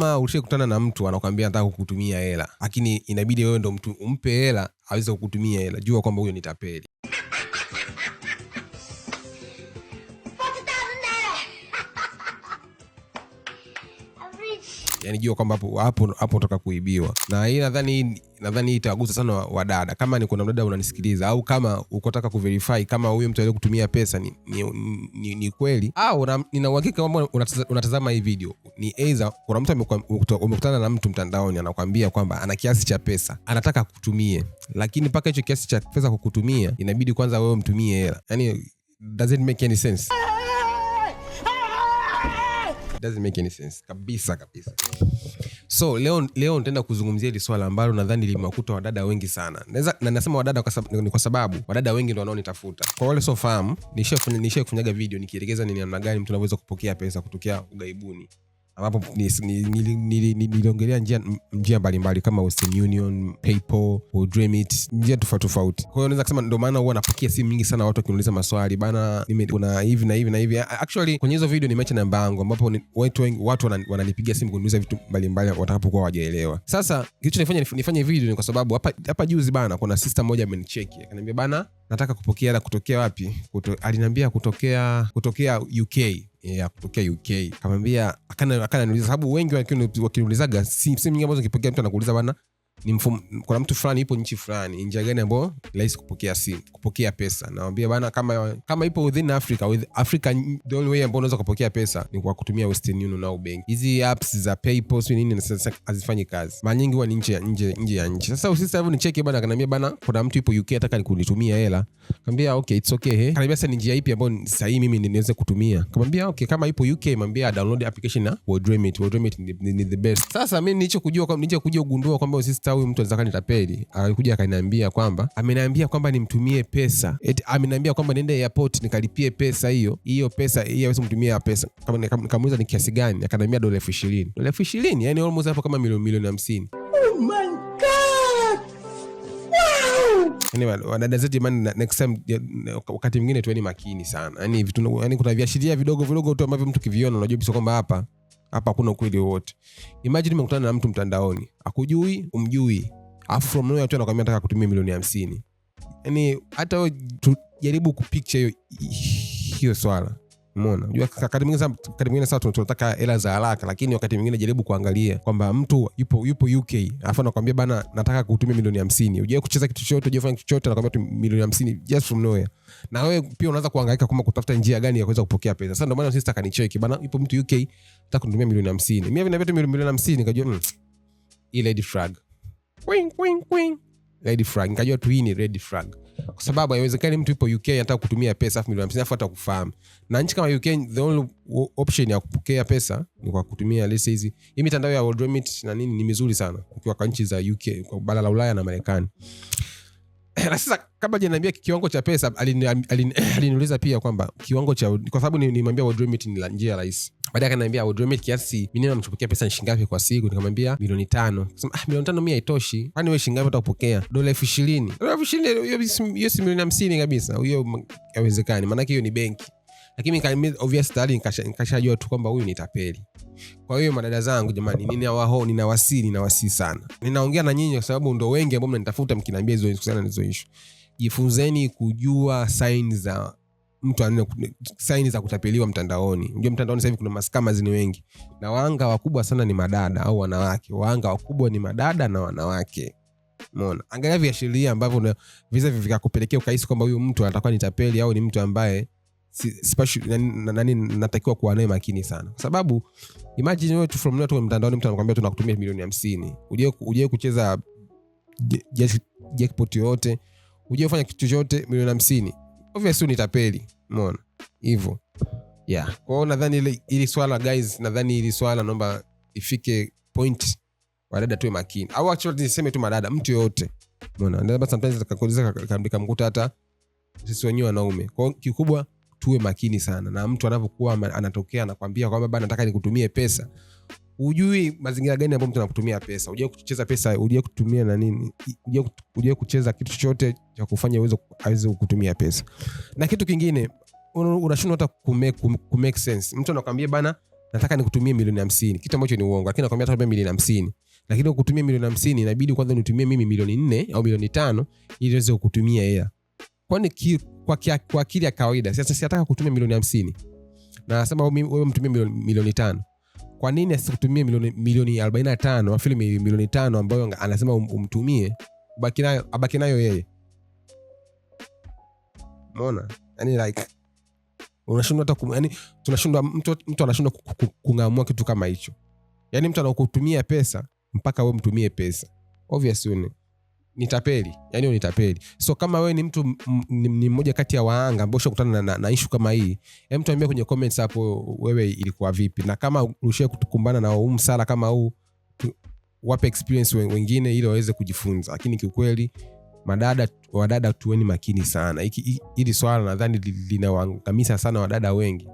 kama kutana na mtu anakwambia nataka kukutumia hela, lakini inabidi wewe ndo mtu umpe hela aweze kukutumia hela, jua kwamba huyo ni tapeli. anijua kwamba hapo hapo nataka kuibiwa, na hii nadhani nadhani hii itawagusa sana wadada. Kama ni kuna mdada unanisikiliza au kama uko taka kuverify kama huyo mtu kutumia pesa ni, ni, ni, ni kweli au nina uhakika kwamba unatazama hii video, ni aidha kuna mtu umekutana na mtu mtandaoni anakuambia kwamba ana kiasi cha pesa anataka kutumie lakini mpaka hicho kiasi cha pesa kukutumia inabidi kwanza wewe mtumie hela. Yani does it make any sense kabisa kabisa. So leo leo nitaenda kuzungumzia hili swala ambalo nadhani limewakuta wadada wengi sana. na nasema wadada ni kwa sababu wadada wengi ndo wanaonitafuta. Kwa wale sofahamu, nishafanya kufunyaga video nikielekeza ni namna gani mtu anaweza kupokea pesa kutokea ughaibuni ambapo niliongelea njia njia mbalimbali kama Western Union, PayPal, Dreamit, njia tofauti tofauti. Kwa hiyo naweza kusema ndio maana huwa napokea simu nyingi sana watu wakiniuliza maswali bana, kuna hivi na hivi na hivi. Actually kwenye hizo video nimeacha namba yangu, ambapo watu wengi watu wananipigia simu kuniuliza vitu mbalimbali watakapokuwa wajaelewa. Sasa kilicho nifanya nifanye video ni kwa sababu hapa hapa juzi bana, kuna sister moja amenicheki akaniambia bana, nataka kupokea hela kutokea wapi? Kuto, aliniambia kutokea kutokea UK ya kutokea UK. Akamwambia akana sababu wengi wakiniulizaga simu nyingi ambazo kipokea mtu anakuuliza bana kuna mtu fulani ipo nchi fulani, njia gani ambayo rahisi kupokea simu, kupokea pesa? nawambia bana, kama kama ipo within Africa, with Africa the only way ambao unaweza kupokea pesa ni kwa kutumia Western Union au benki. Hizi apps za PayPal si nini, sasa hazifanyi kazi, mara nyingi huwa ni nje nje nje ya nchi. Sasa usisi hivyo nicheke bana, kanaambia bana, kuna mtu ipo UK ataka nikunitumia hela, kaambia okay, it's okay. He eh. kanaambia sasa, ni njia ipi ambayo sahii mimi niweze kutumia? kamwambia okay, kama ipo UK, mwambia download application na Wordramit. Wordramit ni, ni, ni the best. Sasa mi mimi nicho kujua kugundua kwamba usisi Esther, huyu mtu anataka nitapeli, alikuja akaniambia kwamba ameniambia kwamba nimtumie pesa ameniambia kwamba niende airport nikalipie pesa hiyo hiyo pesa hiyo aweze kumtumia pesa. Nikamuuliza ni kiasi gani, akaniambia dola elfu ishirini dola elfu ishirini yani almost hapo kama milioni milioni hamsini. Oh my God! Anyway, zetu next time wakati mwingine tueni makini sana, yani vitu yani kuna viashiria vidogo vidogo tu ambavyo mtu kiviona unajua bisa kwamba hapa hapa hakuna ukweli wowote. Imagine umekutana na mtu mtandaoni, akujui, umjui, afu from nowhere tu anakuambia nataka kutumia milioni hamsini. Yani hata we tujaribu kupicha hiyo hiyo swala, mona Unajua, wakati mwingine wakati tunataka hela za haraka, lakini wakati mwingine jaribu kuangalia kwamba mtu yupo yupo UK afu anakwambia bana, nataka kutumia milioni hamsini. ujae kucheza kitu chochote, ujafanya kitu chochote, anakwambia tu milioni hamsini just from nowhere na wewe pia unaweza kuhangaika kama kutafuta njia gani ya kuweza kupokea pesa. Sasa ndio maana sister kanicheki bana, ipo mtu UK anataka kunitumia milioni 50. Mimi vina vitu milioni 50 nikajua mm, hii lady frag Wing wing wing. lady frag, Nikajua tu hii ni lady frag Kwa sababu haiwezekani mtu yupo UK anataka kutumia pesa afu milioni 50 afu hata kufahamu. Na nchi kama UK the only option ya kupokea pesa ni kwa kutumia let's hizi. Hii mitandao ya World Remit na nini ni mizuri sana ukiwa kwa nchi za UK, kwa bara la Ulaya na Marekani. na sasa kabla janiambia kiwango cha pesa aliniuliza alin, alin pia kwamba kiwango cha kwa sababu nimwambia wardrobe ni njia rahisi baadaye akaniambia wardrobe kiasi mimi namchopokea pesa ni shilingi kwa siku nikamwambia milioni tano kasema ah, milioni tano mimi haitoshi kwani wewe shilingi utakupokea dola elfu ishirini dola elfu ishirini hiyo si milioni hamsini kabisa hiyo haiwezekani maanake hiyo ni benki lakini obvious tayari nikashajua tu kwamba huyu ni tapeli. Kwa hiyo madada zangu, jamani, ninawaho ninawasii ninawasii sana, ninaongea na nyinyi kwa sababu ndo wengi ambao mnanitafuta mkinaambia hizo nizoishu Jifunzeni kujua sain za mtu anene saini za kutapeliwa mtandaoni. Unajua mtandaoni sahivi kuna mascammers ni wengi, na wanga wakubwa sana ni madada au wanawake. wanga wakubwa ni madada na wanawake. mona angalia viashiria ambavyo visa vikakupelekea ukahisi kwamba huyu mtu atakuwa ni tapeli au ni mtu ambaye natakiwa kuwa nayo makini sana kwa sababu mtandaoni mtu anakuambia tunakutumia milioni hamsini ujae kucheza jackpot yoyote ujae kufanya kitu chochote milioni 50 obviously unitapeli umeona hivyo yeah kwao nadhani ile ili swala guys nadhani ili swala naomba ifike point wadada tuwe makini au actually niseme tu madada mtu yoyote mona ndio sometimes kakuuliza kamkuta hata sisi wenyewe wanaume kwao kikubwa tuwe makini sana na mtu anavyokuwa anatokea anakwambia kwamba bana, nataka nikutumie pesa. Hujui mazingira gani ambayo mtu anakutumia pesa, ujue kucheza pesa, ujue kutumia na nini, ujue kucheza kitu chochote cha kufanya uweze aweze kutumia pesa. Na kitu kingine unashindwa hata ku make sense. Mtu anakwambia bana, nataka nikutumie milioni hamsini, kitu ambacho ni uongo, lakini anakwambia hata milioni hamsini lakini kutumia milioni hamsini inabidi kwanza nitumie mimi milioni nne au milioni tano ili niweze kutumia hela kwani ki, kwa, kia, kwa akili ya kawaida sasa siataka kutumia milioni hamsini na nasema wewe mtumie milioni, milioni tano kwa nini asikutumie milioni, milioni 45 afili milioni tano ambayo anasema um, umtumie abaki nayo yeye mona yani like unashindwa hata yani tunashindwa mtu, mtu anashindwa kung'amua kitu kama hicho yani mtu anakutumia pesa mpaka we mtumie pesa obviously nitapeli yani nitapeli so kama wewe ni mtu ni mmoja kati ya waanga ambao ushakutana na, na, na ishu kama hii hem tuambia kwenye comments hapo wewe ilikuwa vipi na kama ulishae kukumbana na huu msala kama huu wape experience wengine ili waweze kujifunza lakini kiukweli madada wadada tuweni makini sana hili, hili swala nadhani linawangamisa sana wadada wengi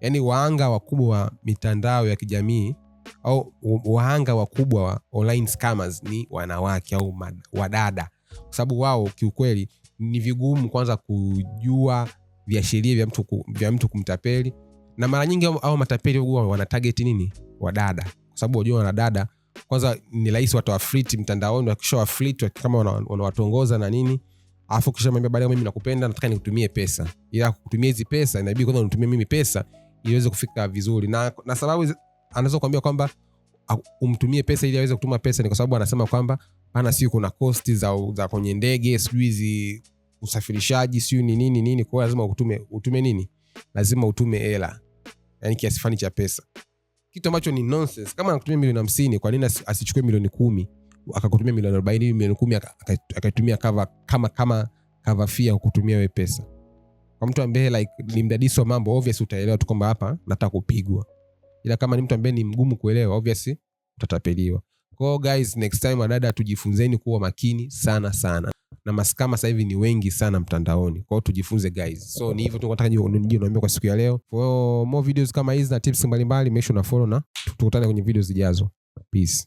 yaani waanga wakubwa wa mitandao ya kijamii au wahanga wakubwa wa online scammers ni wanawake au wadada, kwa sababu wao kiukweli ni vigumu kwanza kujua viashiria vya mtu, vya mtu kumtapeli, na mara nyingi au matapeli huwa wana target nini? Wadada, kwa sababu wajua wanadada kwanza ni rahisi watawafliti mtandaoni, wakisha wa kama wanawatongoza na nini afu kisha mwambia baadaye, mimi nakupenda, nataka nikutumie pesa, ila kutumia hizi pesa inabidi kwanza unitumie mimi pesa ili iweze kufika vizuri, na, na sababu anaweza kuambia kwamba umtumie pesa ili aweze kutuma pesa, ni kwa sababu anasema kwamba ana siu kuna kosti za, za kwenye ndege sijuizi usafirishaji siu ni nini nini, kwa lazima utume utume nini, lazima utume hela, yani kiasi fulani cha pesa, kitu ambacho ni nonsense. Kama anakutumia milioni hamsini, kwa nini asichukue milioni kumi akakutumia milioni arobaini milioni kumi akaitumia cover kama kama cover fee ya kutumia wewe pesa? Kwa mtu ambaye like ni mdadisi wa mambo, obviously utaelewa tu kwamba hapa nataka kupigwa ila kama ni mtu ambaye ni mgumu kuelewa, obviously utatapeliwa. Kwa hiyo guys, next time wadada, tujifunzeni kuwa makini sana sana na maskama sasa hivi ni wengi sana mtandaoni, kwa hiyo tujifunze guys. So ni hivyo tu nataka kwa siku ya leo. For more videos kama hizi na tips mbalimbali, make sure na follow na tukutane kwenye video zijazo. Peace.